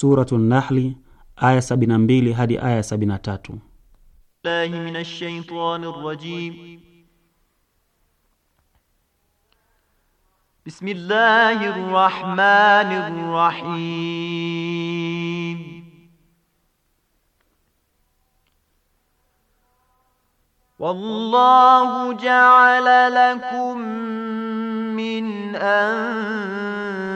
suratu Nahli aya 72 hadi aya 73. Billahi minash shaitani rrajim. Bismillahir rahmanir rahim. والله جعل لكم من أنفسكم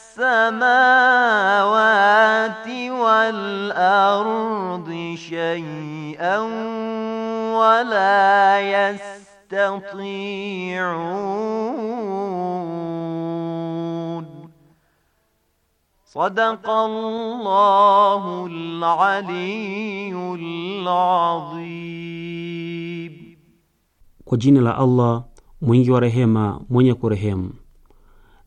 السماوات والأرض شيئا ولا يستطيعون صدق الله العلي العظيم kwa jina la allah mwingi wa rehema mwenye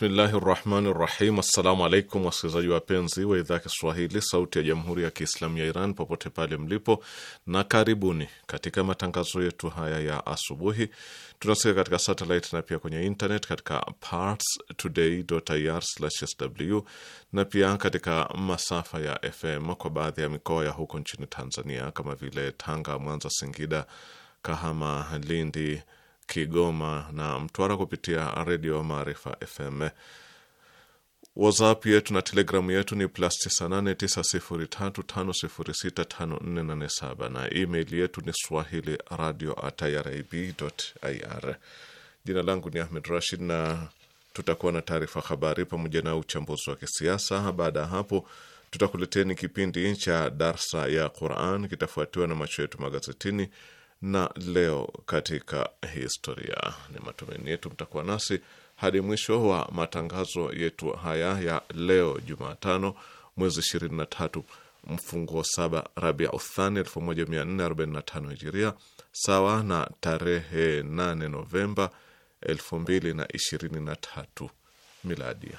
Bismillahi rahmani rahim. Assalamu alaikum wasikilizaji wapenzi wa idhaa ya Kiswahili sauti ya jamhuri ya Kiislamu ya Iran popote pale mlipo, na karibuni katika matangazo yetu haya ya asubuhi. Tunasikia katika satelit na pia kwenye internet katika parstoday.ir/sw na pia katika masafa ya FM kwa baadhi ya mikoa ya huko nchini Tanzania kama vile Tanga, Mwanza, Singida, Kahama, Lindi Kigoma na Mtwara kupitia redio Maarifa FM. WhatsApp yetu na Telegramu yetu ni plus 989035065487 na email yetu ni swahili radio at irib.ir. Jina langu ni Ahmed Rashid na tutakuwa na taarifa habari pamoja na uchambuzi wa kisiasa. Baada ya hapo, tutakuleteni kipindi cha darsa ya Quran, kitafuatiwa na macho yetu magazetini na leo katika historia. Ni matumaini yetu mtakuwa nasi hadi mwisho wa matangazo yetu haya ya leo Jumatano mwezi 23 mfunguo saba Rabia Uthani 1445 Hijiria, sawa na tarehe 8 Novemba 2023 Miladia.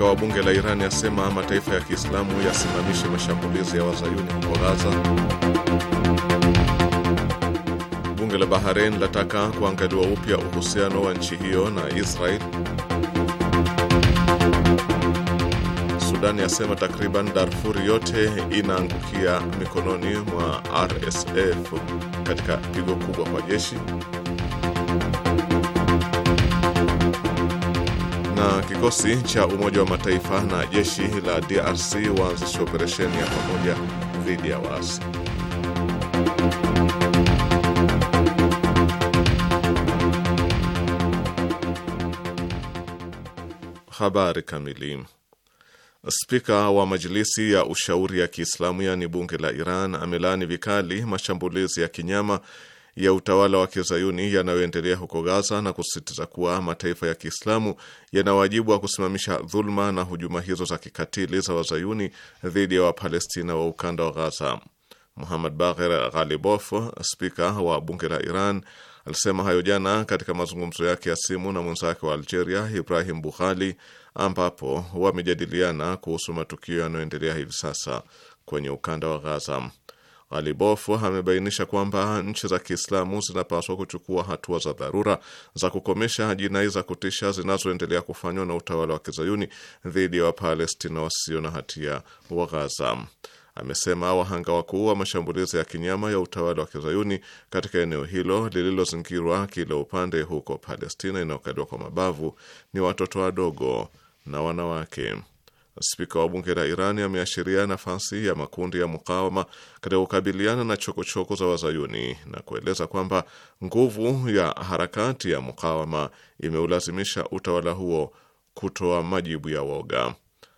Spika wa bunge la Irani asema mataifa ya Kiislamu yasimamishe mashambulizi ya wazayuni huko Gaza. Bunge la Bahrain lataka kuangaliwa upya uhusiano wa nchi hiyo na Israel. Sudani yasema takriban Darfur yote inaangukia mikononi mwa RSF katika pigo kubwa kwa jeshi. Kikosi cha Umoja wa Mataifa na jeshi la DRC waanzisha operesheni ya pamoja dhidi ya waasi. Habari kamili. Spika wa Majilisi ya Ushauri ya Kiislamu, yaani bunge la Iran, amelaani vikali mashambulizi ya kinyama ya utawala wa kizayuni yanayoendelea huko Gaza na kusisitiza kuwa mataifa ya Kiislamu yana wajibu wa kusimamisha dhuluma na hujuma hizo za kikatili za wazayuni dhidi ya Wapalestina wa ukanda wa Gaza. Muhammad Bagher Ghalibof, spika wa bunge la Iran, alisema hayo jana katika mazungumzo yake ya simu na mwenzake wa Algeria Ibrahim Bughali, ambapo wamejadiliana kuhusu matukio yanayoendelea hivi sasa kwenye ukanda wa Gaza. Alibofu amebainisha kwamba nchi za Kiislamu zinapaswa kuchukua hatua za dharura za kukomesha jinai za kutisha zinazoendelea kufanywa na utawala wa kizayuni dhidi ya Wapalestina wasio na hatia wa Ghaza. Amesema wahanga wakuu wa mashambulizi ya kinyama ya utawala wa kizayuni katika eneo hilo lililozingirwa kila upande huko Palestina inayokaliwa kwa mabavu ni watoto wadogo na wanawake. Spika wa bunge la Iran ameashiria nafasi ya makundi ya mukawama katika kukabiliana na chokochoko choko za wazayuni na kueleza kwamba nguvu ya harakati ya mukawama imeulazimisha utawala huo kutoa majibu ya woga.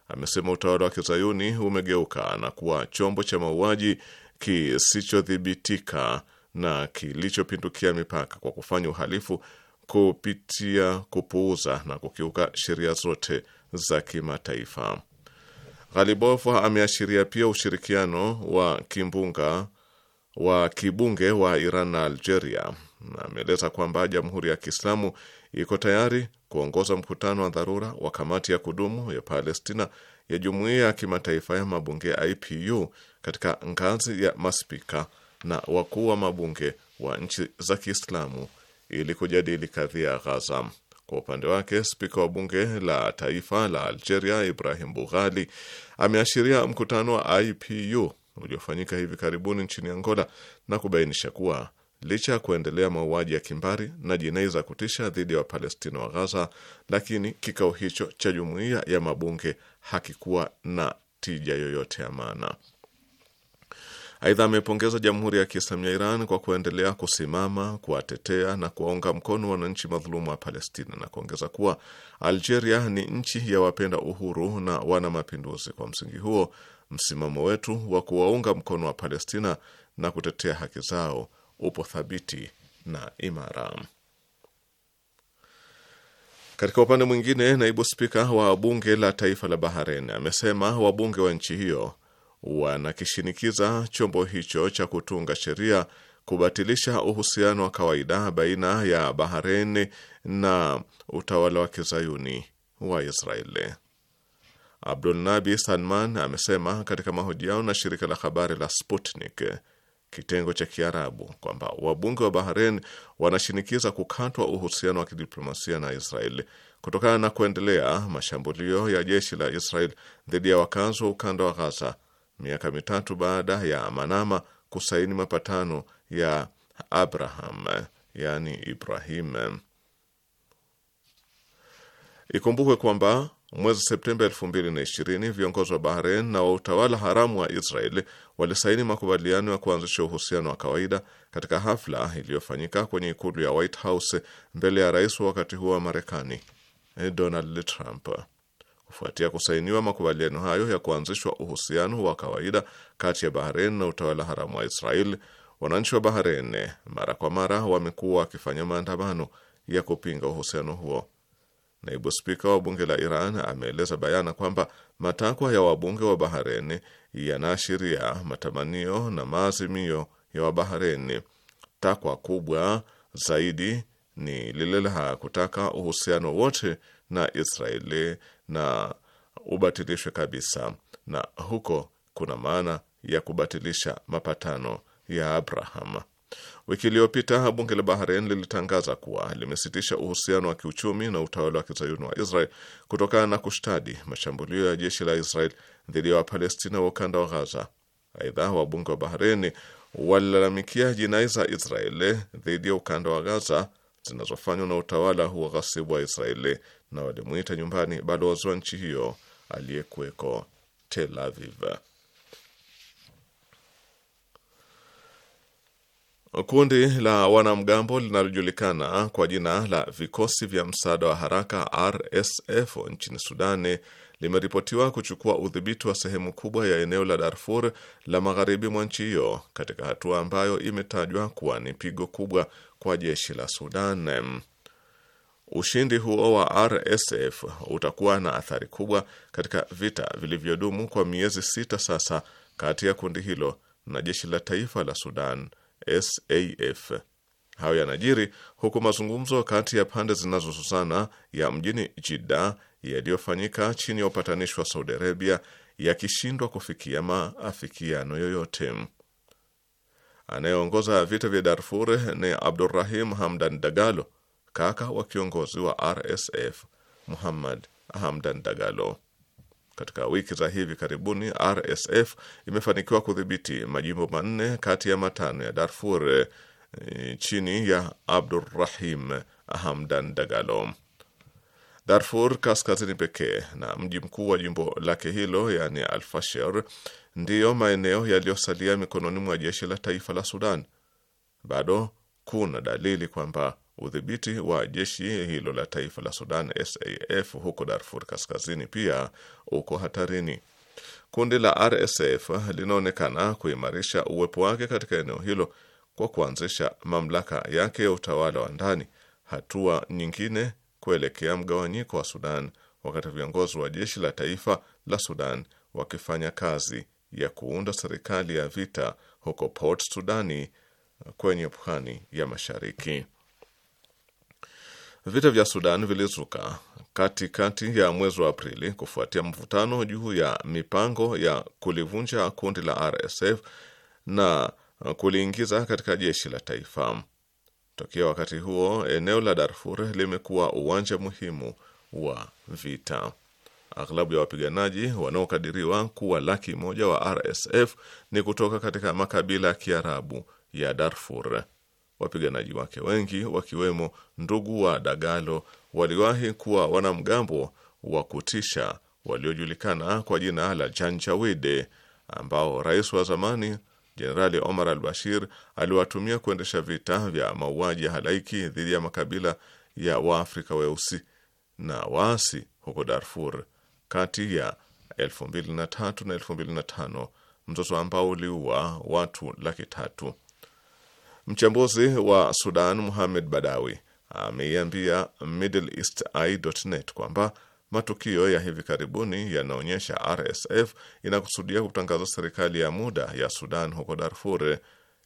Amesema utawala wa kizayuni umegeuka na kuwa chombo cha mauaji kisichodhibitika na kilichopindukia mipaka kwa kufanya uhalifu kupitia kupuuza na kukiuka sheria zote za kimataifa. ghalibof ameashiria pia ushirikiano wa kimbunga wa kibunge wa Iran na Algeria na ameeleza kwamba Jamhuri ya Kiislamu iko tayari kuongoza mkutano wa dharura wa kamati ya kudumu ya Palestina ya Jumuiya ya Kimataifa ya Mabunge ya IPU katika ngazi ya maspika na wakuu wa mabunge wa nchi za Kiislamu ili kujadili kadhia ya Ghaza. Kwa upande wake, spika wa bunge la taifa la Algeria Ibrahim Bughali ameashiria mkutano wa IPU uliofanyika hivi karibuni nchini Angola na kubainisha kuwa licha ya kuendelea mauaji ya kimbari na jinai za kutisha dhidi ya wa Wapalestina wa Gaza, lakini kikao hicho cha jumuiya ya mabunge hakikuwa na tija yoyote ya maana. Aidha, amepongeza Jamhuri ya Kiislamu ya Iran kwa kuendelea kusimama kuwatetea na kuwaunga mkono wananchi madhulumu wa Palestina na kuongeza kuwa Algeria ni nchi ya wapenda uhuru na wana mapinduzi. Kwa msingi huo, msimamo wetu wa kuwaunga mkono wa Palestina na kutetea haki zao upo thabiti na imara. Katika upande mwingine, naibu spika wa bunge la taifa la Bahrain amesema wabunge wa nchi hiyo wanakishinikiza chombo hicho cha kutunga sheria kubatilisha uhusiano wa kawaida baina ya Bahrain na utawala wa kizayuni wa Israeli. Abdul Nabi Salman amesema katika mahojiano na shirika la habari la Sputnik kitengo cha Kiarabu kwamba wabunge wa Bahrain wanashinikiza kukatwa uhusiano wa kidiplomasia na Israel kutokana na kuendelea mashambulio ya jeshi la Israel dhidi ya wakazi wa ukanda wa Ghaza miaka mitatu baada ya Manama kusaini mapatano ya Abraham, yani Ibrahim. Ikumbukwe kwamba mwezi Septemba 2020 viongozi wa Bahrain na wa utawala haramu wa Israel walisaini makubaliano ya kuanzisha uhusiano wa kawaida katika hafla iliyofanyika kwenye ikulu ya White House mbele ya rais wa wakati huo wa Marekani Donald Trump. Kufuatia kusainiwa makubaliano hayo ya kuanzishwa uhusiano wa kawaida kati ya Bahrein na utawala haramu wa Israel, wananchi wa Bahrein mara kwa mara wamekuwa wakifanya maandamano ya kupinga uhusiano huo. Naibu spika wa bunge la Iran ameeleza bayana kwamba matakwa ya wabunge wa Bahrein yanaashiria matamanio na maazimio ya Wabahrein. Takwa kubwa zaidi ni lile la kutaka uhusiano wote na Israeli na ubatilishwe kabisa, na huko kuna maana ya kubatilisha mapatano ya Abraham. Wiki iliyopita bunge la Bahrain lilitangaza kuwa limesitisha uhusiano wa kiuchumi na utawala wa kizayuni wa Israel kutokana na kushtadi mashambulio ya jeshi la Israel dhidi ya Wapalestina wa ukanda wa Ghaza. Aidha, wabunge wa Bahrain walilalamikia jinai za Israel dhidi ya ukanda wa Gaza zinazofanywa na utawala huo ghasibu wa Israeli, na walimuita nyumbani balozi wa nchi hiyo aliyekuweko Tel Aviv. Kundi la wanamgambo linalojulikana kwa jina la vikosi vya msaada wa haraka RSF nchini Sudani limeripotiwa kuchukua udhibiti wa sehemu kubwa ya eneo la Darfur la magharibi mwa nchi hiyo katika hatua ambayo imetajwa kuwa ni pigo kubwa kwa jeshi la Sudan. Ushindi huo wa RSF utakuwa na athari kubwa katika vita vilivyodumu kwa miezi sita sasa kati ya kundi hilo na jeshi la taifa la Sudan SAF. Hayo yanajiri huku mazungumzo kati ya pande zinazozozana ya mjini Jidda yaliyofanyika chini ya upatanishi wa Saudi Arabia yakishindwa kufikia maafikiano yoyote. Anayeongoza vita vya Darfur ni Abdurrahim Hamdan Dagalo, kaka wa kiongozi wa RSF Muhammad Hamdan Dagalo. Katika wiki za hivi karibuni, RSF imefanikiwa kudhibiti majimbo manne kati ya matano ya Darfur eh, chini ya Abdurrahim Hamdan Dagalo. Darfur kaskazini pekee na mji mkuu wa jimbo lake hilo, yani Alfashir, ndiyo maeneo yaliyosalia mikononi mwa jeshi la taifa la Sudan. Bado kuna dalili kwamba udhibiti wa jeshi hilo la taifa la Sudan SAF huko Darfur Kaskazini pia uko hatarini. Kundi la RSF linaonekana kuimarisha uwepo wake katika eneo hilo kwa kuanzisha mamlaka yake ya utawala wa ndani, hatua nyingine kuelekea mgawanyiko wa Sudan, wakati viongozi wa jeshi la taifa la Sudan wakifanya kazi ya kuunda serikali ya vita huko Port Sudani kwenye pwani ya mashariki. Vita vya Sudan vilizuka katikati kati ya mwezi wa Aprili kufuatia mvutano juu ya mipango ya kulivunja kundi la RSF na kuliingiza katika jeshi la taifa. Tokea wakati huo, eneo la Darfur limekuwa uwanja muhimu wa vita. Aghlabu ya wapiganaji wanaokadiriwa kuwa laki moja wa RSF ni kutoka katika makabila ya Kiarabu ya Darfur. Wapiganaji wake wengi wakiwemo ndugu wa Dagalo waliwahi kuwa wanamgambo wa kutisha waliojulikana kwa jina la Janjawide ambao rais wa zamani Jenerali Omar al Bashir aliwatumia kuendesha vita vya mauaji ya halaiki dhidi ya makabila ya Waafrika weusi na waasi huko Darfur kati ya 2003 na 2005, mzozo ambao uliua watu laki tatu. Mchambuzi wa Sudan Muhamed Badawi ameiambia MiddleEastEye.net kwamba matukio ya hivi karibuni yanaonyesha RSF inakusudia kutangaza serikali ya muda ya Sudan huko Darfur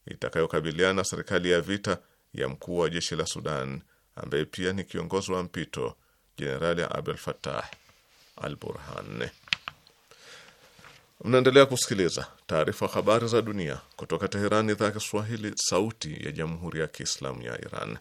itakayokabiliana na serikali ya vita ya mkuu wa jeshi la Sudan ambaye pia ni kiongozi wa mpito Jenerali Abdel Fattah Al Burhan. Mnaendelea kusikiliza taarifa habari za dunia kutoka Teherani, idhaa ya Kiswahili, sauti ya jamhuri ya kiislamu ya Iran.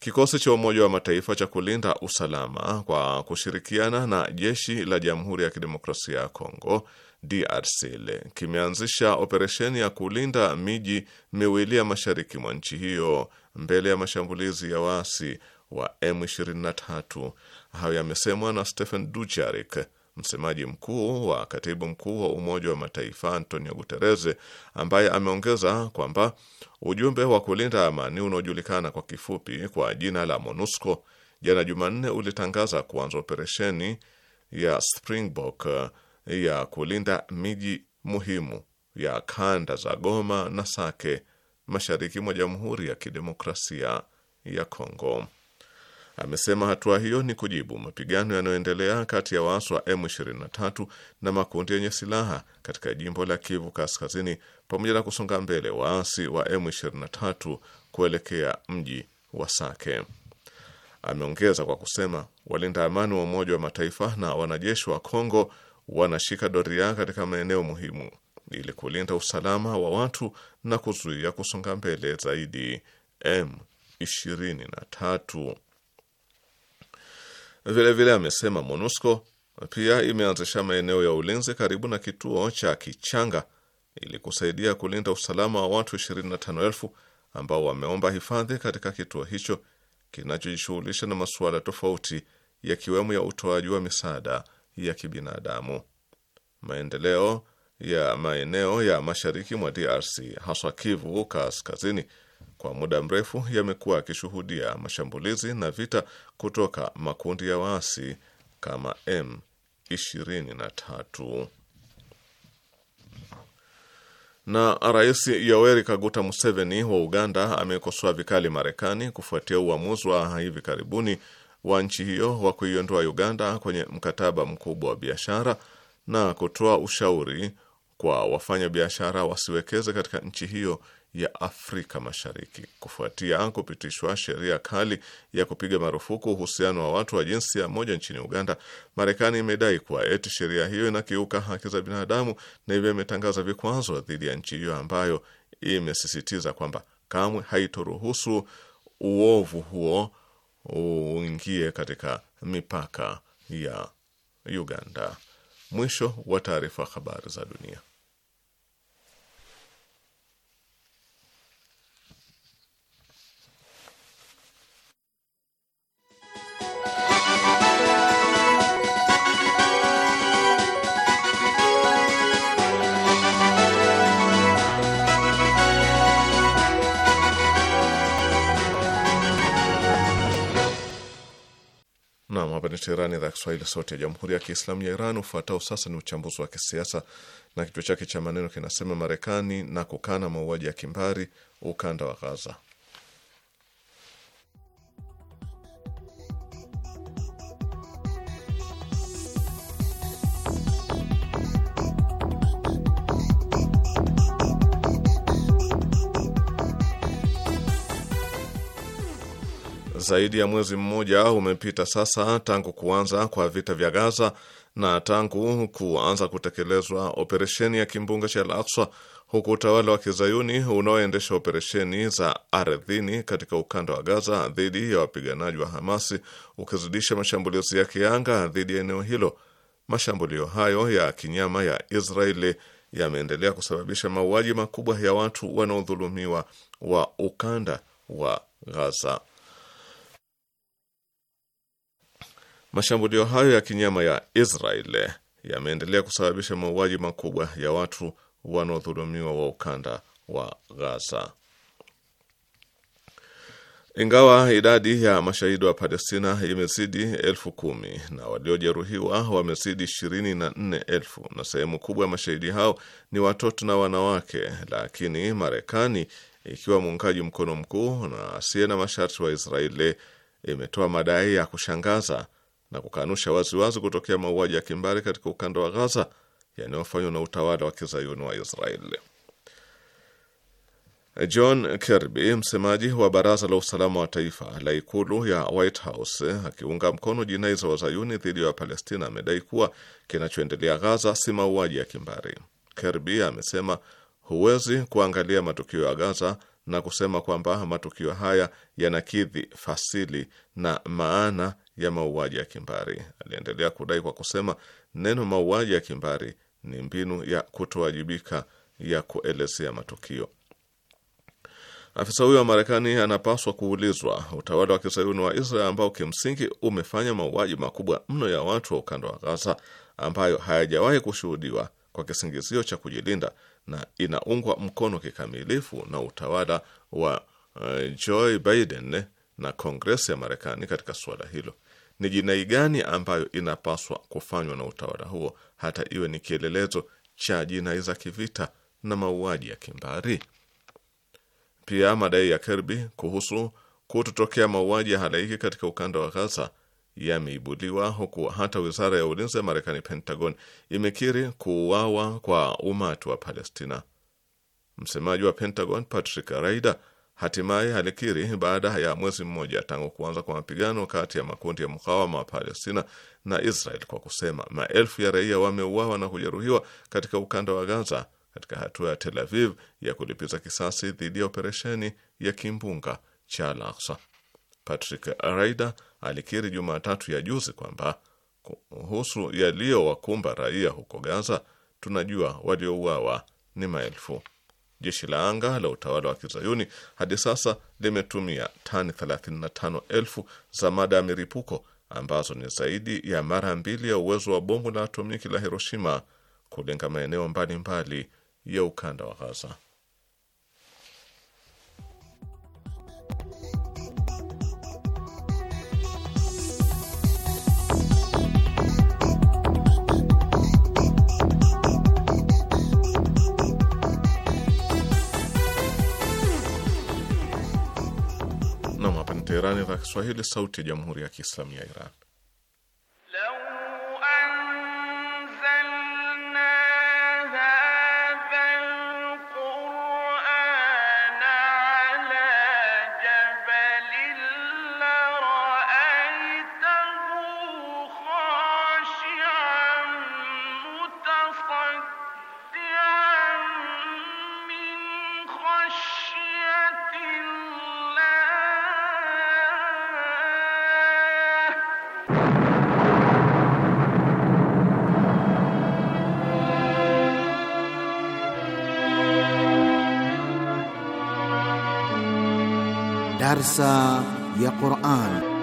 Kikosi cha Umoja wa Mataifa cha kulinda usalama kwa kushirikiana na jeshi la Jamhuri ya Kidemokrasia ya Kongo DRC kimeanzisha operesheni ya kulinda miji miwili ya mashariki mwa nchi hiyo mbele ya mashambulizi ya waasi wa M23. Hayo yamesemwa na Stephen Ducharik, msemaji mkuu wa katibu mkuu wa Umoja wa Mataifa Antonio Guterres, ambaye ameongeza kwamba ujumbe wa kulinda amani unaojulikana kwa kifupi kwa jina la MONUSCO jana Jumanne ulitangaza kuanza operesheni ya Springbok ya kulinda miji muhimu ya kanda za Goma na Sake mashariki mwa Jamhuri ya Kidemokrasia ya Kongo amesema hatua hiyo ni kujibu mapigano yanayoendelea kati ya waasi wa M23 na makundi yenye silaha katika jimbo la Kivu Kaskazini, pamoja na kusonga mbele waasi wa M23 kuelekea mji wa Sake. Ameongeza kwa kusema walinda amani wa Umoja wa Mataifa na wanajeshi wa Kongo wanashika doria katika maeneo muhimu ili kulinda usalama wa watu na kuzuia kusonga mbele zaidi M23. Vilevile amesema MONUSCO pia imeanzisha maeneo ya ulinzi karibu na kituo cha Kichanga ili kusaidia kulinda usalama wa watu 25,000 ambao wameomba hifadhi katika kituo hicho kinachojishughulisha na masuala tofauti yakiwemo ya utoaji wa misaada ya kibinadamu. Maendeleo ya maeneo ya mashariki mwa DRC haswa Kivu Kaskazini kwa muda mrefu yamekuwa yakishuhudia mashambulizi na vita kutoka makundi ya waasi kama M23. Na Rais Yoweri Kaguta Museveni wa Uganda amekosoa vikali Marekani kufuatia uamuzi wa hivi karibuni wa nchi hiyo wa kuiondoa Uganda kwenye mkataba mkubwa wa biashara na kutoa ushauri kwa wafanyabiashara wasiwekeze katika nchi hiyo ya Afrika Mashariki kufuatia kupitishwa sheria kali ya kupiga marufuku uhusiano wa watu wa jinsia moja nchini Uganda. Marekani imedai kuwa eti sheria hiyo inakiuka haki za binadamu na hivyo imetangaza vikwazo dhidi ya nchi hiyo ambayo imesisitiza kwamba kamwe haitoruhusu uovu huo uingie katika mipaka ya Uganda. Mwisho wa taarifa. Habari za dunia. Nam, hapa ni Teherani, idhaa ya Kiswahili, sauti ya jamhuri ya kiislamu ya Iran. Ufuatao sasa ni uchambuzi wa kisiasa na kichwa chake cha maneno kinasema Marekani na kukana mauaji ya kimbari ukanda wa Ghaza. Zaidi ya mwezi mmoja umepita sasa tangu kuanza kwa vita vya Gaza na tangu kuanza kutekelezwa operesheni ya kimbunga cha Al-Aqsa, huku utawala wa kizayuni unaoendesha operesheni za ardhini katika ukanda wa Gaza dhidi ya wapiganaji wa Hamasi ukizidisha mashambulizi yake ya kianga dhidi ya eneo hilo. Mashambulio hayo ya kinyama ya Israeli yameendelea kusababisha mauaji makubwa ya watu wanaodhulumiwa wa ukanda wa Gaza. Mashambulio hayo ya kinyama ya Israel yameendelea kusababisha mauaji makubwa ya watu wanaodhulumiwa wa ukanda wa Gaza. Ingawa idadi ya mashahidi wa Palestina imezidi elfu kumi na waliojeruhiwa wamezidi ishirini na nne elfu na sehemu kubwa ya mashahidi hao ni watoto na wanawake, lakini Marekani ikiwa muungaji mkono mkuu na asiye na masharti wa Israeli imetoa madai ya kushangaza na kukanusha waziwazi kutokea mauaji ya kimbari katika ukanda wa Gaza yanayofanywa na utawala wa kizayuni wa Israeli. John Kirby, msemaji wa baraza la usalama wa taifa la ikulu ya White House, akiunga mkono jinai za wazayuni dhidi ya Wapalestina, amedai kuwa kinachoendelea Gaza si mauaji ya kimbari. Kirby amesema huwezi kuangalia matukio ya Gaza na kusema kwamba matukio haya yanakidhi fasili na maana ya mauaji ya kimbari. Aliendelea kudai kwa kusema neno mauaji ya kimbari ni mbinu ya kutowajibika ya kuelezea matukio. Afisa huyo wa Marekani anapaswa kuulizwa utawala wa kizayuni wa Israel ambao kimsingi umefanya mauaji makubwa mno ya watu wa ukanda wa Gaza ambayo hayajawahi kushuhudiwa kwa kisingizio cha kujilinda na inaungwa mkono kikamilifu na utawala wa eh, Joe Biden na Kongresi ya Marekani katika suala hilo. Ni jinai gani ambayo inapaswa kufanywa na utawala huo hata iwe ni kielelezo cha jinai za kivita na mauaji ya kimbari? Pia madai ya Kirby kuhusu kutotokea mauaji ya halaiki katika ukanda wa Gaza yameibuliwa huku hata wizara ya ulinzi ya Marekani, Pentagon, imekiri kuuawa kwa umati wa Palestina. Msemaji wa Pentagon Patrick Raida hatimaye alikiri baada ya mwezi mmoja tangu kuanza kwa mapigano kati ya makundi ya mukawama wa Palestina na Israel kwa kusema maelfu ya raia wameuawa na kujeruhiwa katika ukanda wa Gaza katika hatua ya Tel Aviv ya kulipiza kisasi dhidi ya operesheni ya kimbunga cha Al-Aqsa. Patrick Raida alikiri Jumatatu ya juzi kwamba kuhusu yaliyowakumba raia huko Gaza, tunajua waliouawa ni maelfu. Jeshi la anga la utawala wa kizayuni hadi sasa limetumia tani 35,000 za mada ya miripuko ambazo ni zaidi ya mara mbili ya uwezo wa bomu la atomiki la Hiroshima kulenga maeneo mbalimbali ya ukanda wa Gaza. Teherani za Kiswahili, sauti ya jamhuri ya kiislamu ya Iran. دراسة يا قرآن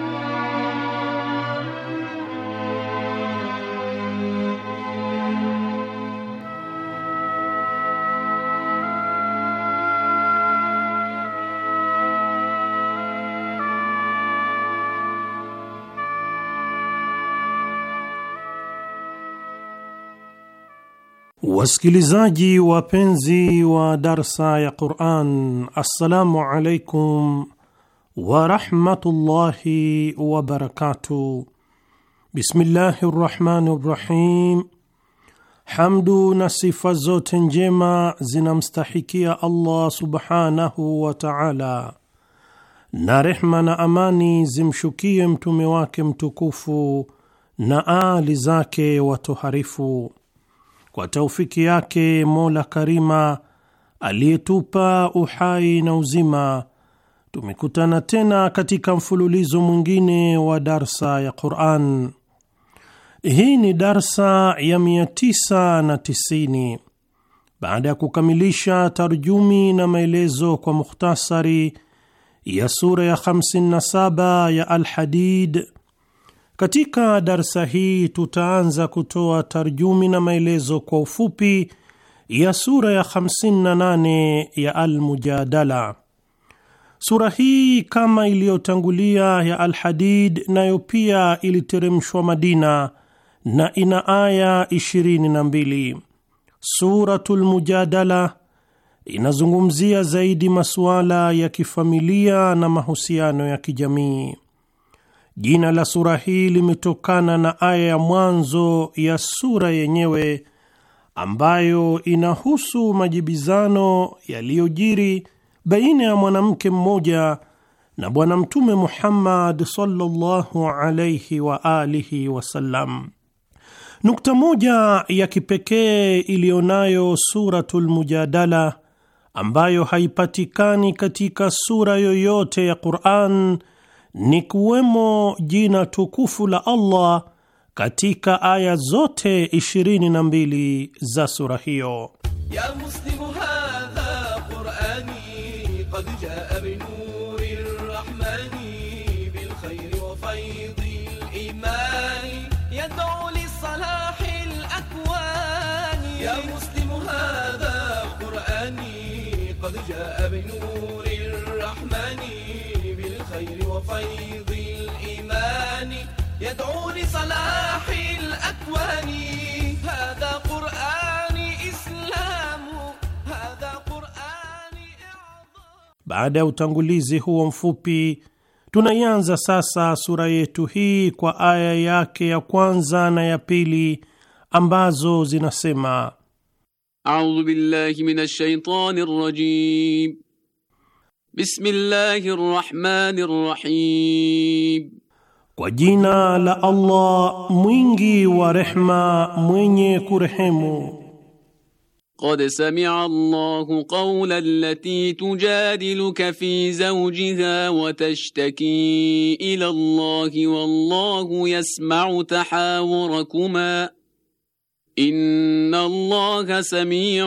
Wasikilizaji wapenzi wa darsa ya Quran, assalamu alaikum wa rahmatullahi wa barakatuh. Bismillahi rahmani rahim Hamdu na sifa zote njema zinamstahikia Allah subhanahu wa ta'ala, na rehma na amani zimshukie mtume wake mtukufu na aali zake watoharifu. Kwa taufiki yake Mola Karima aliyetupa uhai na uzima tumekutana tena katika mfululizo mwingine wa darsa ya Quran. Hii ni darsa ya 990 baada ya kukamilisha tarjumi na maelezo kwa mukhtasari ya sura ya 57 ya alhadid Katika darsa hii tutaanza kutoa tarjumi na maelezo kwa ufupi ya sura ya 58 ya almujadala Sura hii kama iliyotangulia ya Alhadid nayo pia iliteremshwa Madina na ina aya 22. Suratul Mujadala inazungumzia zaidi masuala ya kifamilia na mahusiano ya kijamii. Jina la sura hii limetokana na aya ya mwanzo ya sura yenyewe ambayo inahusu majibizano yaliyojiri baina ya mwanamke mmoja na Bwana Mtume Muhammad sallallahu alayhi wa alihi wasallam. Nukta moja ya kipekee iliyonayo Suratul Mujadala ambayo haipatikani katika sura yoyote ya Qur'an ni kuwemo jina tukufu la Allah katika aya zote 22 za sura hiyo ya Muslimu. يدعو لصلاح الأكوان هذا قرآن إسلام هذا قرآن إعظام. Baada ya utangulizi huo mfupi tunaianza sasa sura yetu hii kwa aya yake ya kwanza na ya pili ambazo zinasema A'udhu billahi minash Bismillahir rahmanir rahim Kwa jina la Allah mwingi wa rehma mwenye kurehemu. قد سمع الله قول التي تجادلك في زوجها وتشتكي إلى الله والله يسمع تحاوركما إن الله سميع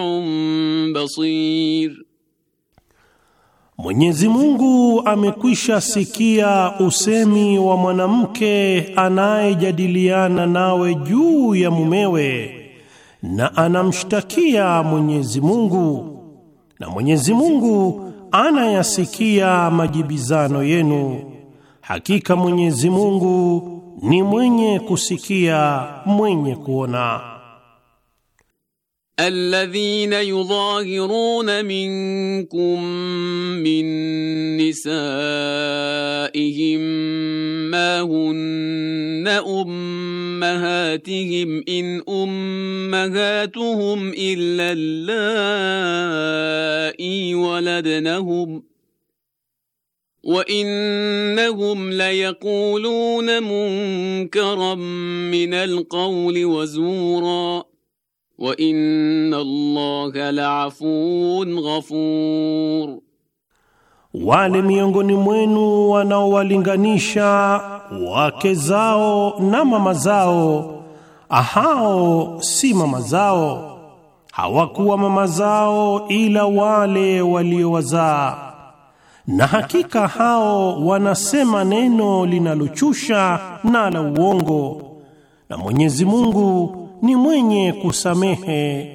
بصير Mwenyezi Mungu amekwisha sikia usemi wa mwanamke anayejadiliana nawe juu ya mumewe na anamshtakia Mwenyezi Mungu, na Mwenyezi Mungu anayasikia majibizano yenu. Hakika Mwenyezi Mungu ni mwenye kusikia, mwenye kuona. الذين يظاهرون منكم من نسائهم ما هن امهاتهم ان امهاتهم الا اللائي ولدنهم وانهم ليقولون منكرا من القول وزورا Wainna Allaha laafuun ghafur, wale miongoni mwenu wanaowalinganisha wake zao na mama zao, ah, hao si mama zao, hawakuwa mama zao ila wale waliowazaa, na hakika hao wanasema neno linalochusha na la uongo, na Mwenyezi Mungu ni mwenye kusamehe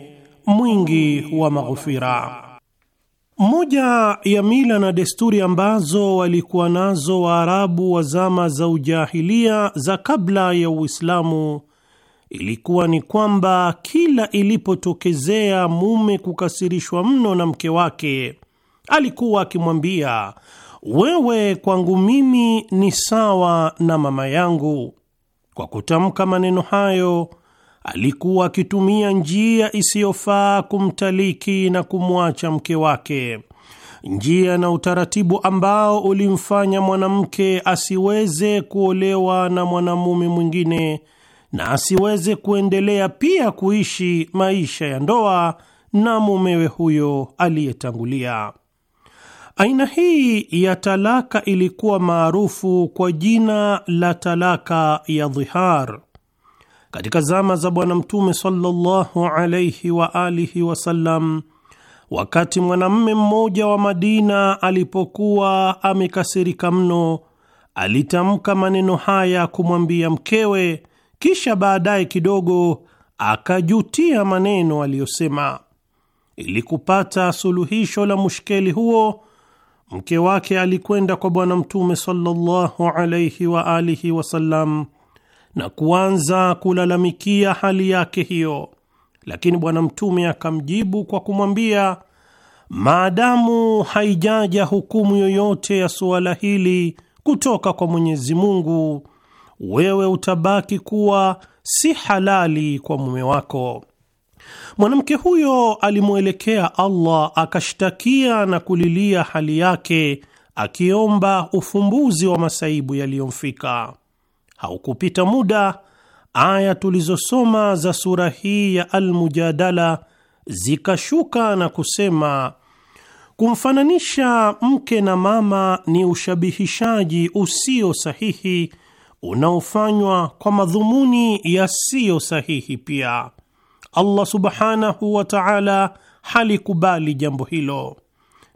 mwingi wa maghfira. Moja ya mila na desturi ambazo walikuwa nazo Waarabu wa zama za ujahilia za kabla ya Uislamu ilikuwa ni kwamba kila ilipotokezea mume kukasirishwa mno na mke wake, alikuwa akimwambia, wewe kwangu mimi ni sawa na mama yangu. Kwa kutamka maneno hayo alikuwa akitumia njia isiyofaa kumtaliki na kumwacha mke wake, njia na utaratibu ambao ulimfanya mwanamke asiweze kuolewa na mwanamume mwingine na asiweze kuendelea pia kuishi maisha ya ndoa na mumewe huyo aliyetangulia. Aina hii ya talaka ilikuwa maarufu kwa jina la talaka ya dhihar katika zama za Bwana Mtume sallallahu alaihi wa alihi wasallam, wakati mwanamme mmoja wa Madina alipokuwa amekasirika mno, alitamka maneno haya kumwambia mkewe, kisha baadaye kidogo akajutia maneno aliyosema. Ili kupata suluhisho la mushkeli huo, mke wake alikwenda kwa Bwana Mtume sallallahu alaihi wa alihi wasallam na kuanza kulalamikia hali yake hiyo, lakini Bwana Mtume akamjibu kwa kumwambia, maadamu haijaja hukumu yoyote ya suala hili kutoka kwa Mwenyezi Mungu, wewe utabaki kuwa si halali kwa mume wako. Mwanamke huyo alimwelekea Allah akashtakia na kulilia hali yake, akiomba ufumbuzi wa masaibu yaliyomfika haukupita muda, aya tulizosoma za sura hii ya Almujadala zikashuka na kusema kumfananisha mke na mama ni ushabihishaji usio sahihi unaofanywa kwa madhumuni yasiyo sahihi. Pia Allah subhanahu wa ta'ala halikubali jambo hilo,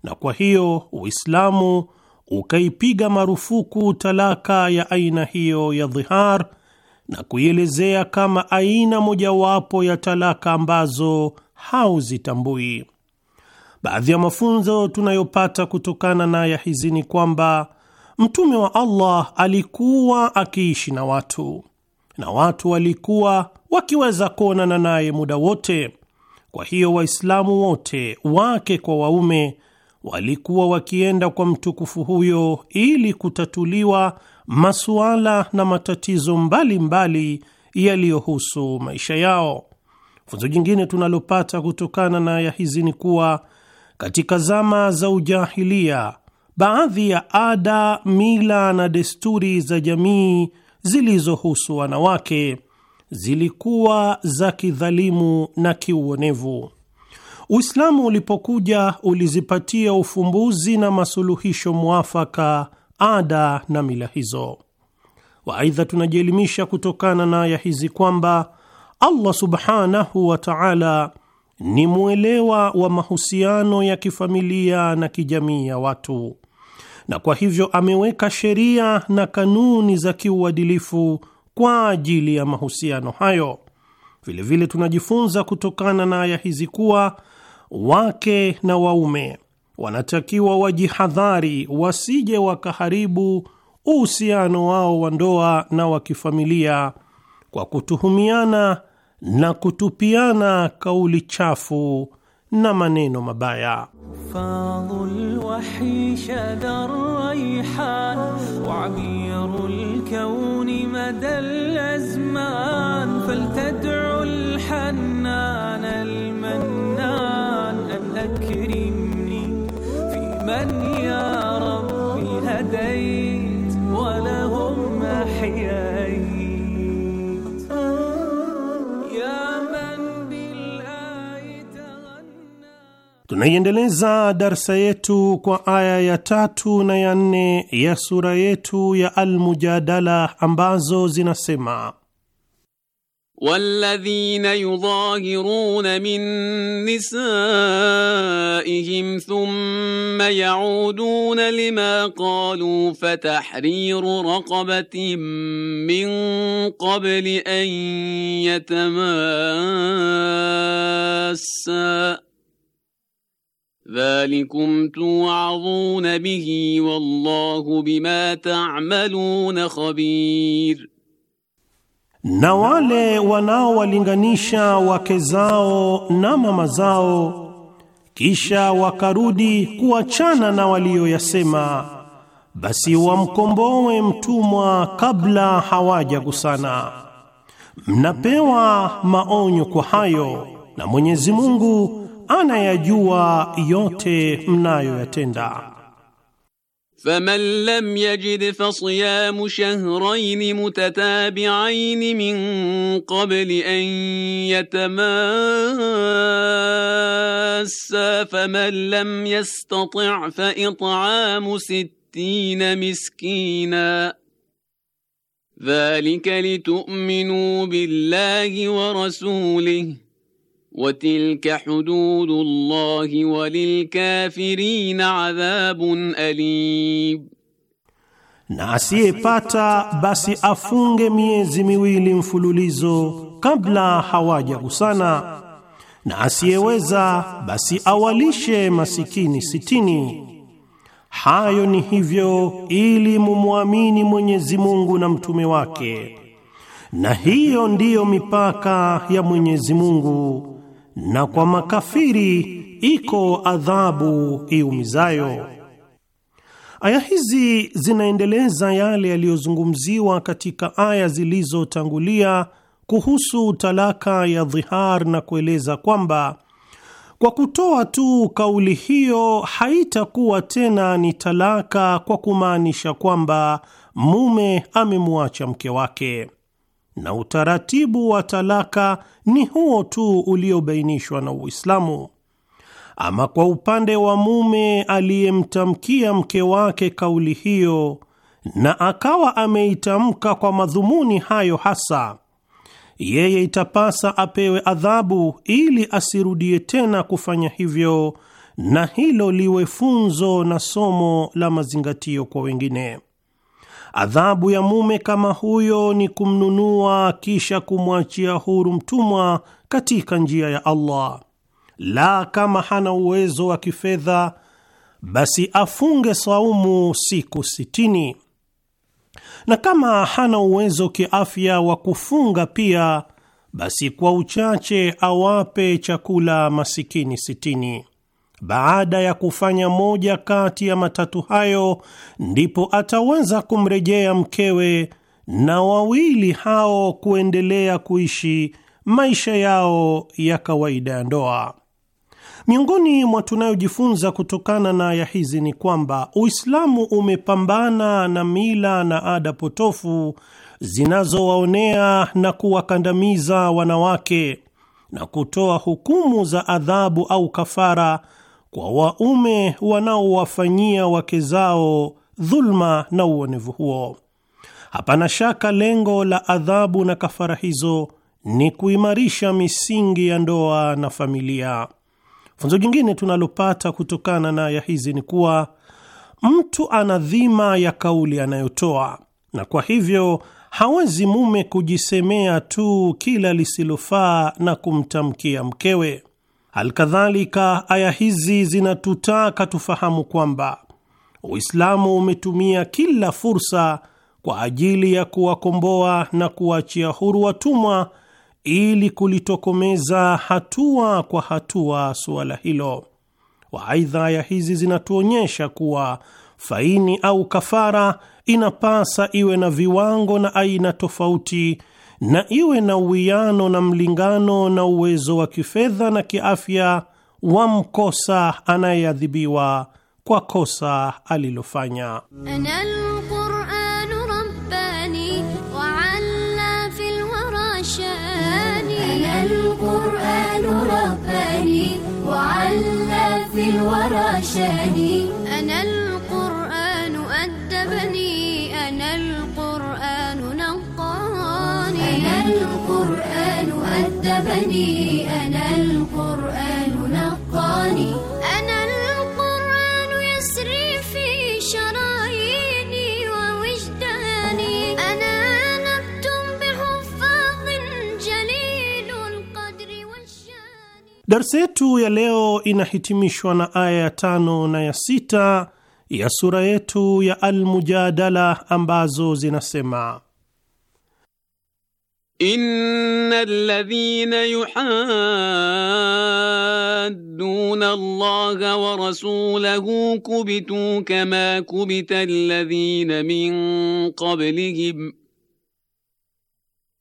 na kwa hiyo Uislamu ukaipiga marufuku talaka ya aina hiyo ya dhihar na kuielezea kama aina mojawapo ya talaka ambazo hauzitambui. Baadhi ya mafunzo tunayopata kutokana na aya hizi ni kwamba Mtume wa Allah alikuwa akiishi na watu na watu walikuwa wakiweza kuonana naye muda wote. Kwa hiyo Waislamu wote wake kwa waume walikuwa wakienda kwa mtukufu huyo ili kutatuliwa masuala na matatizo mbalimbali yaliyohusu maisha yao. Funzo jingine tunalopata kutokana na aya hizi ni kuwa katika zama za ujahilia, baadhi ya ada, mila na desturi za jamii zilizohusu wanawake zilikuwa za kidhalimu na kiuonevu. Uislamu ulipokuja ulizipatia ufumbuzi na masuluhisho mwafaka ada na mila hizo. Waaidha, tunajielimisha kutokana na aya hizi kwamba Allah subhanahu wa taala ni mwelewa wa mahusiano ya kifamilia na kijamii ya watu, na kwa hivyo ameweka sheria na kanuni za kiuadilifu kwa ajili ya mahusiano hayo. Vilevile tunajifunza kutokana na aya hizi kuwa wake na waume wanatakiwa wajihadhari wasije wakaharibu uhusiano wao wa ndoa na wa kifamilia kwa kutuhumiana na kutupiana kauli chafu na maneno mabaya. Tunaiendeleza darsa yetu kwa aya ya tatu na ya nne ya sura yetu ya almujadala ambazo zinasema والذين يظاهرون من نسائهم ثم يعودون لما قالوا فتحرير رقبه من قبل ان يتماسا ذلكم توعظون به والله بما تعملون خبير na wale wanaowalinganisha wake zao na mama zao, kisha wakarudi kuachana na waliyoyasema, basi wamkomboe mtumwa kabla hawajagusana. Mnapewa maonyo kwa hayo, na Mwenyezi Mungu anayajua yote mnayoyatenda. فمن لم يجد فصيام شهرين متتابعين من قبل ان يتماسا فمن لم يستطع فاطعام ستين مسكينا ذلك لتؤمنوا بالله ورسوله وتلك حدود الله وللكافرين عذاب أليم na asiyepata basi afunge miezi miwili mfululizo kabla hawajagusana, na asiyeweza basi awalishe masikini sitini. Hayo ni hivyo ili mumwamini Mwenyezi Mungu na mtume wake, na hiyo ndiyo mipaka ya Mwenyezi Mungu na kwa makafiri iko adhabu iumizayo. Aya hizi zinaendeleza yale yaliyozungumziwa katika aya zilizotangulia kuhusu talaka ya dhihar na kueleza kwamba kwa kutoa tu kauli hiyo haitakuwa tena ni talaka, kwa kumaanisha kwamba mume amemwacha mke wake na utaratibu wa talaka ni huo tu uliobainishwa na Uislamu. Ama kwa upande wa mume aliyemtamkia mke wake kauli hiyo na akawa ameitamka kwa madhumuni hayo hasa, yeye itapasa apewe adhabu ili asirudie tena kufanya hivyo, na hilo liwe funzo na somo la mazingatio kwa wengine. Adhabu ya mume kama huyo ni kumnunua kisha kumwachia huru mtumwa katika njia ya Allah. La, kama hana uwezo wa kifedha basi afunge saumu siku sitini, na kama hana uwezo kiafya wa kufunga pia, basi kwa uchache awape chakula masikini sitini. Baada ya kufanya moja kati ya matatu hayo, ndipo ataweza kumrejea mkewe na wawili hao kuendelea kuishi maisha yao ya kawaida ya ndoa. Miongoni mwa tunayojifunza kutokana na aya hizi ni kwamba Uislamu umepambana na mila na ada potofu zinazowaonea na kuwakandamiza wanawake na kutoa hukumu za adhabu au kafara kwa waume wanaowafanyia wake zao dhulma na uonevu huo. Hapana shaka lengo la adhabu na kafara hizo ni kuimarisha misingi ya ndoa na familia. Funzo jingine tunalopata kutokana na aya hizi ni kuwa mtu ana dhima ya kauli anayotoa, na kwa hivyo hawezi mume kujisemea tu kila lisilofaa na kumtamkia mkewe. Alkadhalika, aya hizi zinatutaka tufahamu kwamba Uislamu umetumia kila fursa kwa ajili ya kuwakomboa na kuachia huru watumwa ili kulitokomeza hatua kwa hatua suala hilo. Waaidha, aya hizi zinatuonyesha kuwa faini au kafara inapasa iwe na viwango na aina tofauti na iwe na uwiano na mlingano na uwezo wa kifedha na kiafya wa mkosa anayeadhibiwa kwa kosa alilofanya. أدبني أنا القرآن نقاني أنا القرآن يسري في شراييني ووجداني أنا نبت بحفاظ جليل القدر والشان درس yetu ya leo inahitimishwa na aya ya tano na ya sita ya sura yetu ya Al-Mujadala ambazo zinasema إن الذين يحادون الله ورسوله كبتوا كما كبت الذين من قبلهم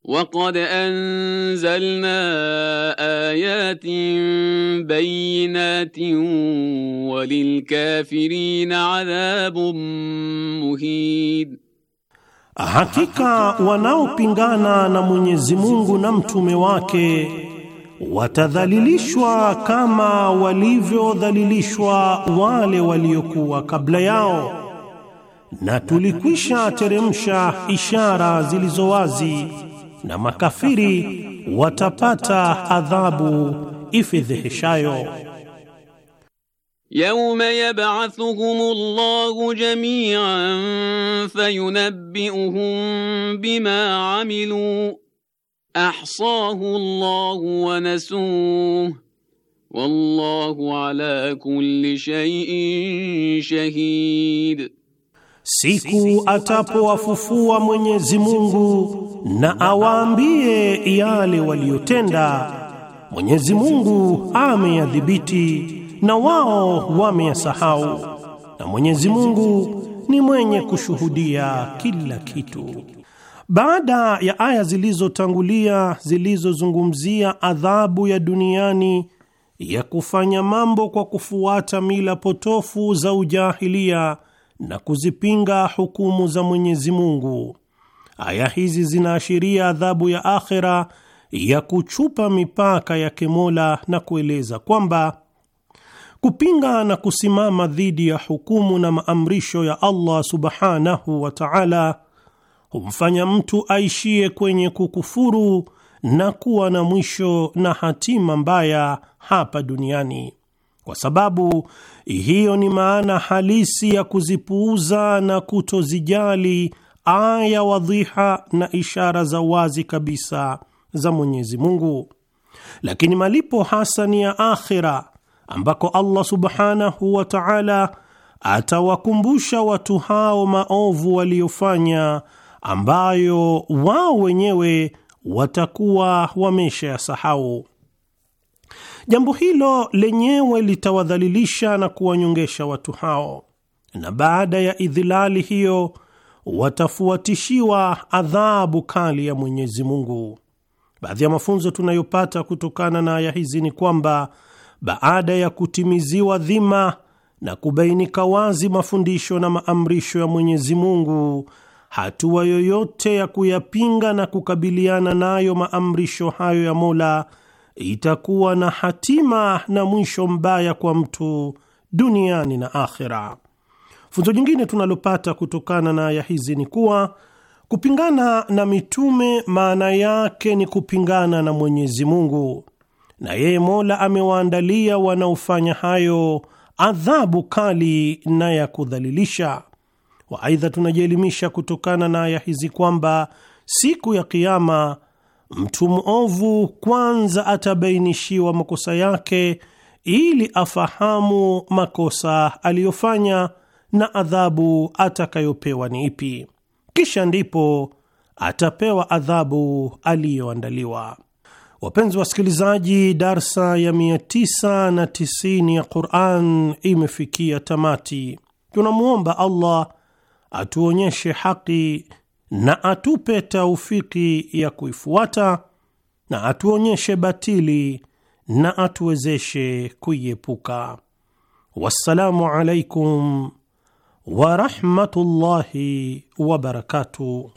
وقد أنزلنا آيات بينات وللكافرين عذاب مهين Hakika wanaopingana na Mwenyezi Mungu na mtume wake watadhalilishwa kama walivyodhalilishwa wale waliokuwa kabla yao, na tulikwisha teremsha ishara zilizo wazi, na makafiri watapata adhabu ifedheheshayo. يوم يبعثهم الله جميعا فينبئهم بما عملوا احصاه الله ونسوه والله على كل شيء شهيد siku atapowafufua mwenyezi mungu na awaambie yale waliyotenda mwenyezi mungu ameyadhibiti na wao wameyasahau, na Mwenyezi Mungu ni mwenye kushuhudia kila kitu. Baada ya aya zilizotangulia zilizozungumzia adhabu ya duniani ya kufanya mambo kwa kufuata mila potofu za ujahilia na kuzipinga hukumu za Mwenyezi Mungu, aya hizi zinaashiria adhabu ya akhera ya kuchupa mipaka yake Mola na kueleza kwamba kupinga na kusimama dhidi ya hukumu na maamrisho ya Allah subhanahu wa ta'ala humfanya mtu aishie kwenye kukufuru na kuwa na mwisho na hatima mbaya hapa duniani, kwa sababu hiyo ni maana halisi ya kuzipuuza na kutozijali aya wadhiha na ishara za wazi kabisa za Mwenyezi Mungu. Lakini malipo hasa ni ya akhira ambako Allah subhanahu wa ta'ala atawakumbusha watu hao maovu waliofanya ambayo wao wenyewe watakuwa wameshayasahau. Jambo hilo lenyewe litawadhalilisha na kuwanyongesha watu hao, na baada ya idhilali hiyo watafuatishiwa adhabu kali ya Mwenyezi Mungu. Baadhi ya mafunzo tunayopata kutokana na aya hizi ni kwamba baada ya kutimiziwa dhima na kubainika wazi mafundisho na maamrisho ya Mwenyezi Mungu, hatua yoyote ya kuyapinga na kukabiliana nayo maamrisho hayo ya Mola itakuwa na hatima na mwisho mbaya kwa mtu duniani na akhera. Funzo jingine tunalopata kutokana na aya hizi ni kuwa kupingana na mitume maana yake ni kupingana na Mwenyezi Mungu na yeye Mola amewaandalia wanaofanya hayo adhabu kali na ya kudhalilisha. Wa aidha, tunajielimisha kutokana na aya hizi kwamba siku ya Kiama mtu mwovu kwanza atabainishiwa makosa yake ili afahamu makosa aliyofanya na adhabu atakayopewa ni ipi, kisha ndipo atapewa adhabu aliyoandaliwa. Wapenzi wasikilizaji, darsa ya 990 ya Quran imefikia tamati. Tunamwomba Allah atuonyeshe haki na atupe taufiki ya kuifuata na atuonyeshe batili na atuwezeshe kuiepuka. Wassalamu alaikum warahmatullahi wabarakatuh.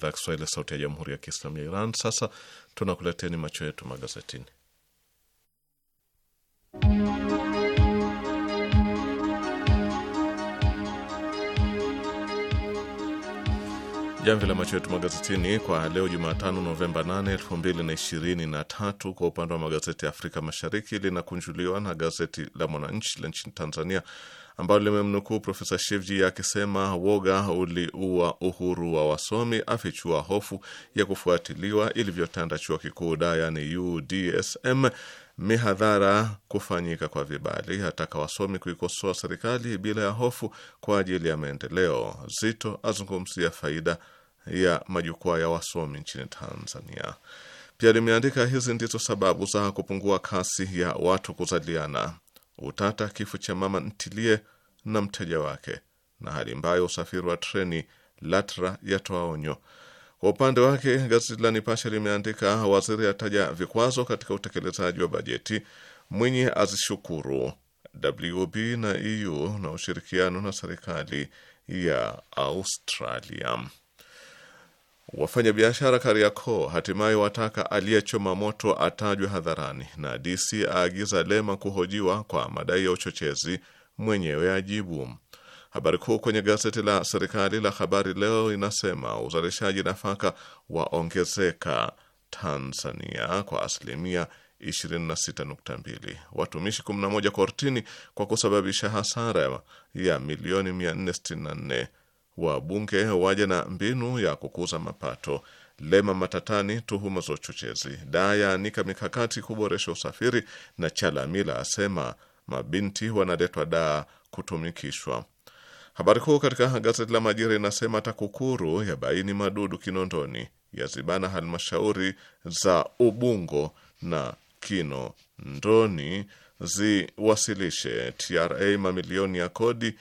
idhaa ya Kiswahili, sauti ya jamhuri ya kiislamu ya Iran. Sasa tunakuleteni macho yetu magazetini. Jamvi la macho yetu magazetini kwa leo Jumatano, Novemba 8, 2023 kwa upande wa magazeti ya Afrika Mashariki linakunjuliwa na gazeti la Mwananchi la nchini Tanzania ambalo limemnukuu Profesa Shivji akisema woga uliua uhuru wa wasomi, afichua hofu ya kufuatiliwa ilivyotanda chuo kikuu da yani UDSM, mihadhara kufanyika kwa vibali, ataka wasomi kuikosoa serikali bila ya hofu kwa ajili ya maendeleo. Zito azungumzia faida ya majukwaa ya wasomi nchini Tanzania. Pia limeandika hizi ndizo sababu za kupungua kasi ya watu kuzaliana utata kifo cha mama ntilie na mteja wake, na hali mbaya usafiri wa treni LATRA yatoa onyo. Kwa upande wake gazeti la Nipashe limeandika waziri ataja vikwazo katika utekelezaji wa bajeti, Mwinyi azishukuru WB na EU na ushirikiano na serikali ya Australia wafanya biashara Kariakoo hatimaye wataka aliyechoma moto atajwe hadharani, na DC aagiza Lema kuhojiwa kwa madai ya uchochezi, mwenyewe ajibu. Habari kuu kwenye gazeti la serikali la Habari Leo inasema uzalishaji nafaka waongezeka Tanzania kwa asilimia 26.2, watumishi 11 kortini kwa kusababisha hasara ya milioni 464 wabunge waje na mbinu ya kukuza mapato. Lema matatani tuhuma za uchochezi. Daa yaanika mikakati kuboresha usafiri, na Chalamila asema mabinti wanaletwa daa kutumikishwa. Habari kuu katika gazeti la Majira inasema TAKUKURU ya baini madudu Kinondoni, yazibana halmashauri za Ubungo na Kinondoni ziwasilishe TRA mamilioni ya kodi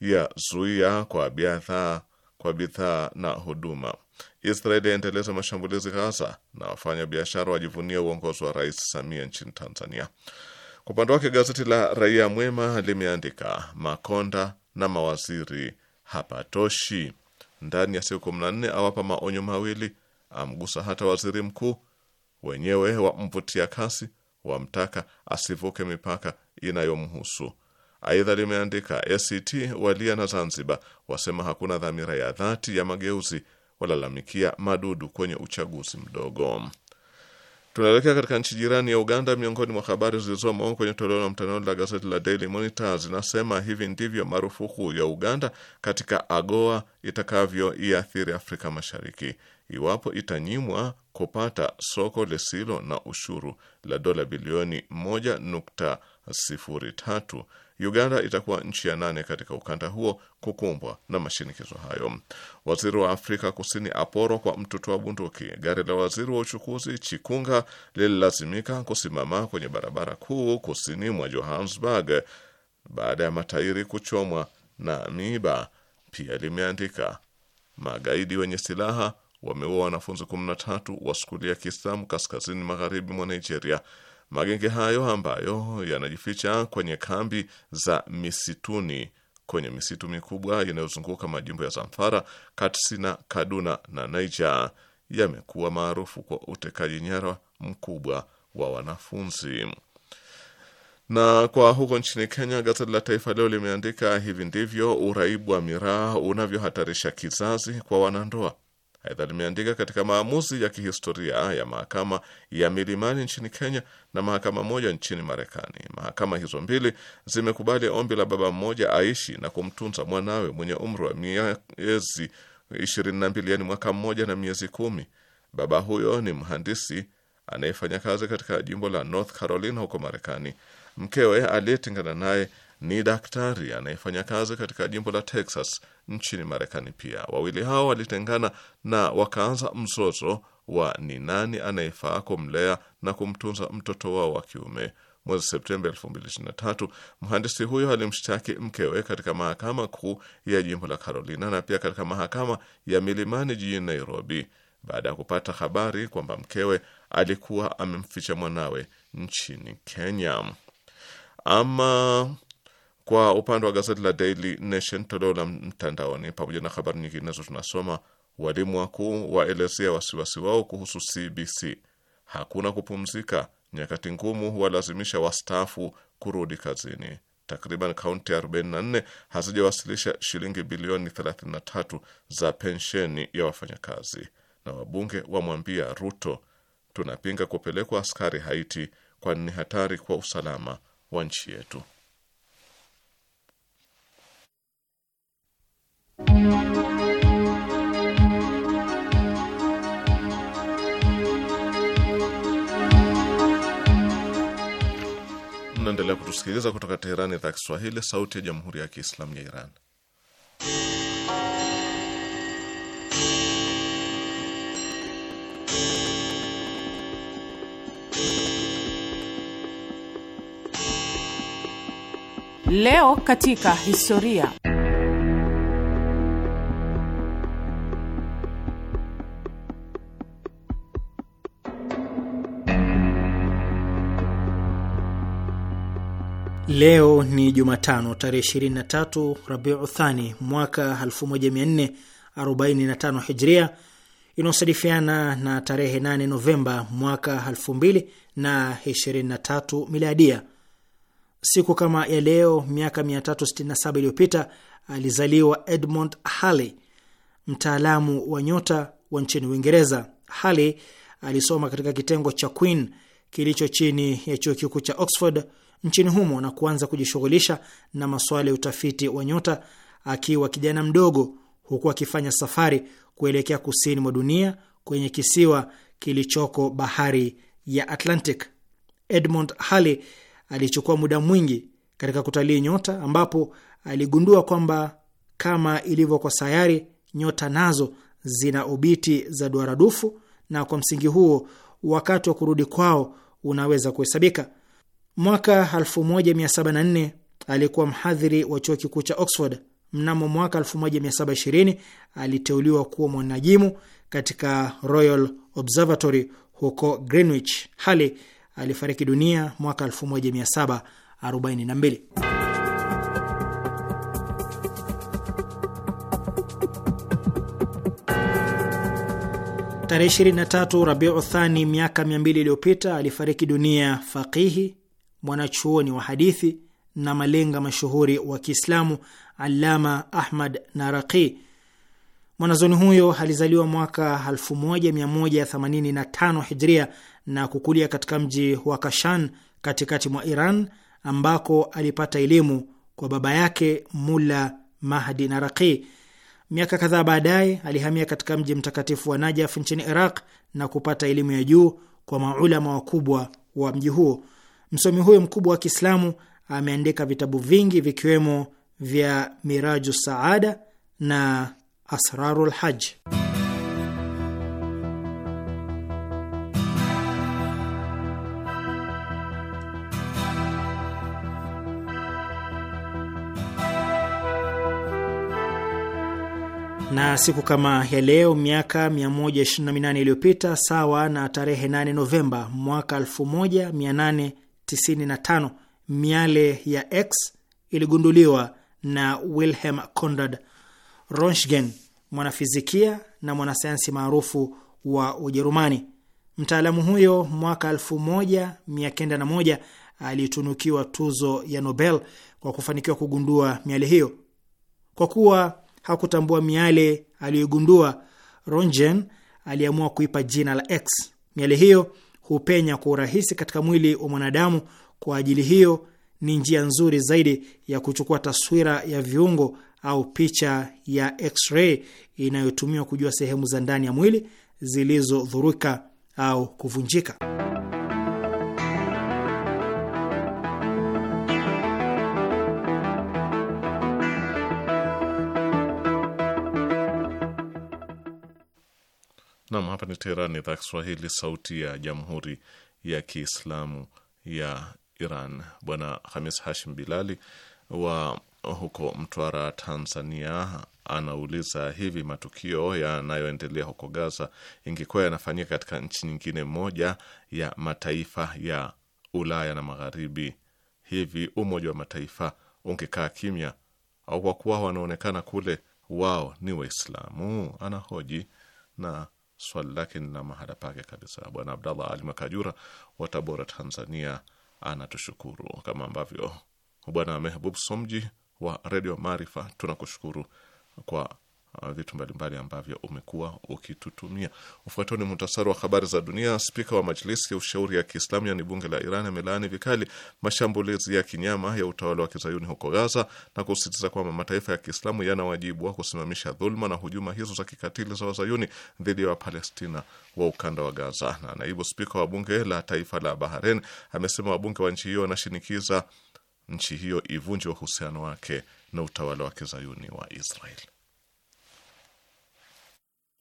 ya zuia kwa bidhaa kwa bidhaa na huduma. Israeli yaendeleza mashambulizi Gaza na wafanya biashara wajivunia uongozi wa Rais Samia nchini Tanzania. Kwa upande wake gazeti la Raia Mwema limeandika Makonda na mawaziri hapatoshi, ndani ya siku kumi na nne awapa maonyo mawili, amgusa hata waziri mkuu, wenyewe wamvutia kasi, wamtaka asivuke mipaka inayomhusu Aidha limeandika ACT walia na Zanzibar wasema hakuna dhamira ya dhati ya mageuzi, walalamikia madudu kwenye uchaguzi mdogo. Tunaelekea katika nchi jirani ya Uganda. Miongoni mwa habari zilizomo kwenye toleo la mtandao la gazeti la Daily Monitor zinasema hivi ndivyo marufuku ya Uganda katika AGOA itakavyoiathiri Afrika Mashariki iwapo itanyimwa kupata soko lisilo na ushuru la dola bilioni 1.03 Uganda itakuwa nchi ya nane katika ukanda huo kukumbwa na mashinikizo hayo. Waziri wa Afrika Kusini aporwa kwa mtutu wa bunduki. Gari la waziri wa uchukuzi Chikunga lililazimika kusimama kwenye barabara kuu kusini mwa Johannesburg baada ya matairi kuchomwa na miiba. Pia limeandika magaidi wenye silaha wameua wanafunzi 13 wa skuli ya Kiislamu kaskazini magharibi mwa Nigeria. Magenge hayo ambayo yanajificha kwenye kambi za misituni kwenye misitu mikubwa inayozunguka majimbo ya Zamfara, Katsina, Kaduna na Niger yamekuwa maarufu kwa utekaji nyara mkubwa wa wanafunzi. Na kwa huko nchini Kenya, gazeti la Taifa Leo limeandika hivi ndivyo uraibu wa miraa unavyohatarisha kizazi kwa wanandoa. Aidha limeandika katika maamuzi ya kihistoria ya mahakama ya milimani nchini Kenya na mahakama moja nchini Marekani, mahakama hizo mbili zimekubali ombi la baba mmoja aishi na kumtunza mwanawe mwenye umri wa miezi 22, yani mwaka mmoja na miezi kumi. Baba huyo ni mhandisi anayefanya kazi katika jimbo la North Carolina huko Marekani. Mkewe aliyetengana naye ni daktari anayefanya kazi katika jimbo la Texas nchini Marekani. Pia wawili hao walitengana na wakaanza mzozo wa ni nani anayefaa kumlea na kumtunza mtoto wao wa kiume. Mwezi Septemba 2023 mhandisi huyo alimshtaki mkewe katika mahakama kuu ya jimbo la Carolina na pia katika mahakama ya Milimani jijini Nairobi baada ya kupata habari kwamba mkewe alikuwa amemficha mwanawe nchini Kenya. Ama kwa upande wa gazeti la Daily Nation toleo la mtandaoni, pamoja na habari nyinginezo, tunasoma walimu wakuu waelezea wasiwasi wao kuhusu CBC. Hakuna kupumzika, nyakati ngumu huwalazimisha wastaafu kurudi kazini. Takriban kaunti 44 hazijawasilisha shilingi bilioni 33 za pensheni ya wafanyakazi. Na wabunge wamwambia Ruto, tunapinga kupelekwa askari Haiti, kwani ni hatari kwa usalama wa nchi yetu. mnaendelea kutusikiliza kutoka Teherani, idhaa Kiswahili, sauti ya jamhuri ya kiislamu ya Iran. Leo katika historia Leo ni Jumatano tarehe 23 Rabiu Thani mwaka 1445 Hijria, inayosadifiana na tarehe 8 Novemba mwaka 2023 Miladia. Siku kama ya leo miaka 367 iliyopita alizaliwa Edmund Halley, mtaalamu wa nyota wa nchini Uingereza. Halley alisoma katika kitengo cha Queen kilicho chini ya chuo kikuu cha Oxford nchini humo na kuanza kujishughulisha na masuala ya utafiti wa nyota akiwa kijana mdogo, huku akifanya safari kuelekea kusini mwa dunia kwenye kisiwa kilichoko bahari ya Atlantic. Edmund Halley alichukua muda mwingi katika kutalii nyota, ambapo aligundua kwamba kama ilivyo kwa sayari, nyota nazo zina obiti za duara dufu na kwa msingi huo wakati wa kurudi kwao unaweza kuhesabika. Mwaka 1704 alikuwa mhadhiri wa chuo kikuu cha Oxford. Mnamo mwaka 1720 aliteuliwa kuwa mwanajimu katika Royal Observatory huko Greenwich. Hali alifariki dunia mwaka 1742. Tarehe 23 Rabiu Thani, miaka 200 iliyopita alifariki dunia faqihi mwanachuoni wa hadithi na malenga mashuhuri wa Kiislamu Allama Ahmad Naraqi. Mwanazoni huyo alizaliwa mwaka 1185 Hijria na kukulia katika mji wa Kashan katikati mwa Iran ambako alipata elimu kwa baba yake Mulla Mahdi Naraqi. Miaka kadhaa baadaye alihamia katika mji mtakatifu wa Najaf nchini Iraq na kupata elimu ya juu kwa maulama wakubwa wa mji huo. Msomi huyo mkubwa wa Kiislamu ameandika vitabu vingi vikiwemo vya Miraju Saada na Asrarul Lhaj. na siku kama ya leo miaka 128 iliyopita, sawa na tarehe 8 Novemba mwaka 95 miale ya X iligunduliwa na Wilhelm Conrad Rontgen, mwanafizikia na mwanasayansi maarufu wa Ujerumani. Mtaalamu huyo mwaka 1901 alitunukiwa tuzo ya Nobel kwa kufanikiwa kugundua miale hiyo. Kwa kuwa hakutambua miale aliyoigundua, Rontgen aliamua kuipa jina la X. Miale hiyo hupenya kwa urahisi katika mwili wa mwanadamu. Kwa ajili hiyo, ni njia nzuri zaidi ya kuchukua taswira ya viungo au picha ya x-ray inayotumiwa kujua sehemu za ndani ya mwili zilizodhurika au kuvunjika. Nam, hapa ni teheran idhaa Kiswahili, sauti ya jamhuri ya kiislamu ya Iran. Bwana Hamis Hashim Bilali wa huko Mtwara, Tanzania, anauliza hivi, matukio yanayoendelea huko Gaza ingekuwa yanafanyika katika nchi nyingine moja ya mataifa ya Ulaya na Magharibi, hivi Umoja wa Mataifa ungekaa kimya? Au kwa kuwa wanaonekana kule wao ni Waislamu? Anahoji na swali lake nina mahala pake kabisa. Bwana Abdallah Ali Makajura wa Tabora, Tanzania, anatushukuru kama ambavyo Bwana Mehbub Somji wa Redio Maarifa tunakushukuru kwa Uh, vitu mbalimbali ambavyo umekuwa ukitutumia. Ufuatao ni muhtasari wa habari za dunia. Spika wa Majlisi ya Ushauri ya Kiislamu, yaani bunge la Iran, amelaani vikali mashambulizi ya kinyama ya utawala wa kizayuni huko Gaza na kusisitiza kwamba mataifa ya Kiislamu yana wajibu wa kusimamisha dhuluma na hujuma hizo za kikatili za wazayuni dhidi ya Wapalestina wa ukanda wa Gaza. Na naibu spika wa bunge la taifa la Bahrain amesema wabunge wa nchi hiyo wanashinikiza nchi hiyo ivunje uhusiano wake na utawala wa kizayuni wa Israeli